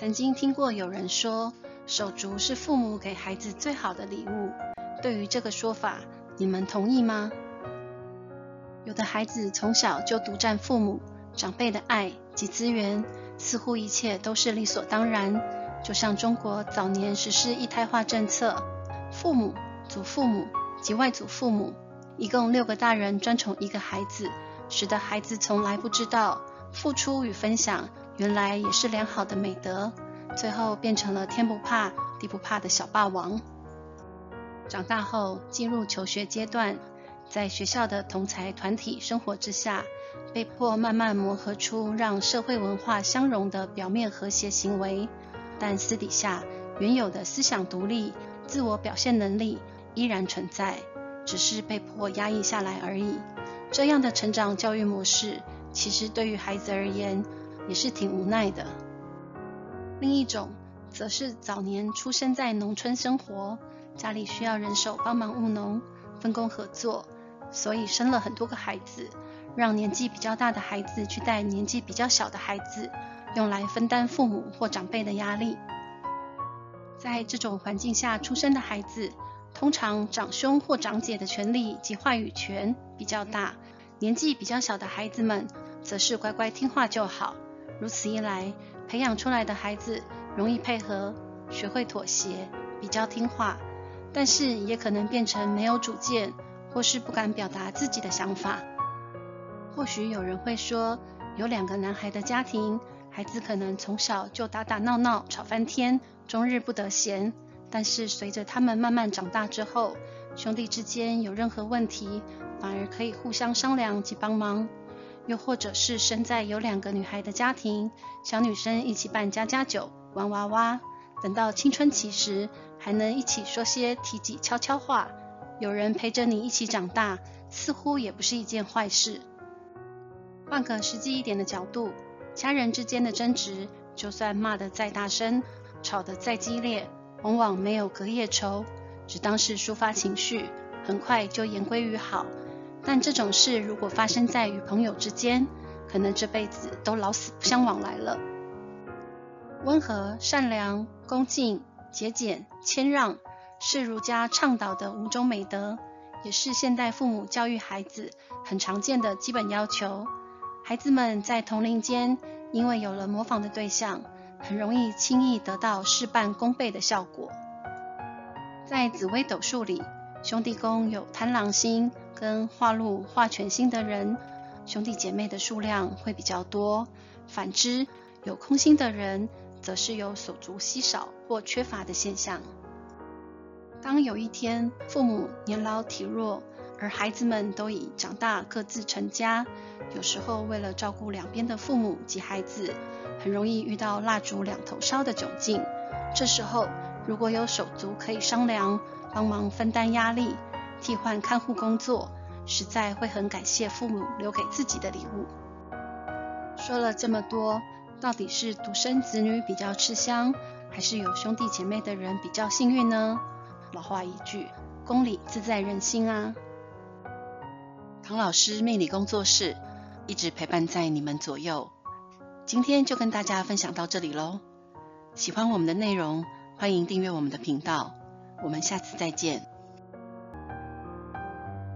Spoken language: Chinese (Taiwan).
曾經聽過有人說，手足是父母給孩子最好的禮物。對於這個說法，你們同意嗎？有的孩子從小就獨占父母、長輩的愛及資源，似乎一切都是理所當然。就像中國早年實施一胎化政策，父母、祖父母及外祖父母一共六個大人專寵一個孩子，使得孩子從來不知道付出與分享。原來也是良好的美德，最後變成了天不怕地不怕的小霸王。長大後進入求學階段，在學校的同儕團體生活之下，被迫慢慢磨合出讓社會文化相融的表面和諧行為，但私底下原有的思想獨立、自我表現能力依然存在，只是被迫壓抑下來而已。這樣的成長教育模式，其實對於孩子而言，也是挺無奈的。另一種則是早年出生在農村生活，家裡需要人手幫忙務農，分工合作，所以生了很多個孩子，讓年紀比較大的孩子去帶年紀比較小的孩子，用來分擔父母或長輩的壓力。在這種環境下出生的孩子，通常長兄或長姐的權力及話語權比較大，年紀比較小的孩子們則是乖乖聽話就好。如此一來，培養出來的孩子容易配合，學會妥協，比較聽話，但是也可能變成沒有主見，或是不敢表達自己的想法。或許有人會說，有兩個男孩的家庭，孩子可能從小就打打鬧鬧、吵翻天，終日不得閒。但是隨着他們慢慢長大之後，兄弟之間有任何問題，反而可以互相商量及幫忙。又或者是生在有兩個女孩的家庭，小女生一起扮家家酒、玩娃娃，等到青春期時還能一起說些體己悄悄話，有人陪着你一起長大，似乎也不是一件壞事。換個實際一點的角度，家人之間的爭執，就算罵得再大聲、吵得再激烈，往往沒有隔夜仇，只當是抒發情緒，很快就言歸於好。但這種事如果發生在與朋友之間，可能這輩子都老死不相往來了。溫和、善良、恭敬、節儉、謙讓，是儒家倡導的五種美德，也是現代父母教育孩子很常見的基本要求。孩子們在同齡間，因為有了模仿的對象，很容易輕易得到事半功倍的效果。在紫微斗數裡，兄弟宮有貪狼星跟化祿化權星的人，兄弟姐妹的數量會比較多；反之，有空星的人，則是有手足稀少或缺乏的現象。當有一天父母年老體弱，而孩子們都已長大各自成家，有時候為了照顧兩邊的父母及孩子，很容易遇到蠟燭兩頭燒的窘境。這時候，如果有手足可以商量，幫忙分擔壓力，替換看護工作，實在會很感謝父母留給自己的禮物。說了這麼多，到底是獨生子女比較吃香，還是有兄弟姐妹的人比較幸運呢？老話一句，公理自在人心啊。唐老師命理工作室一直陪伴在你們左右，今天就跟大家分享到這裡嘍。喜歡我們的內容。歡迎訂閱我們的頻道，我們下次再見。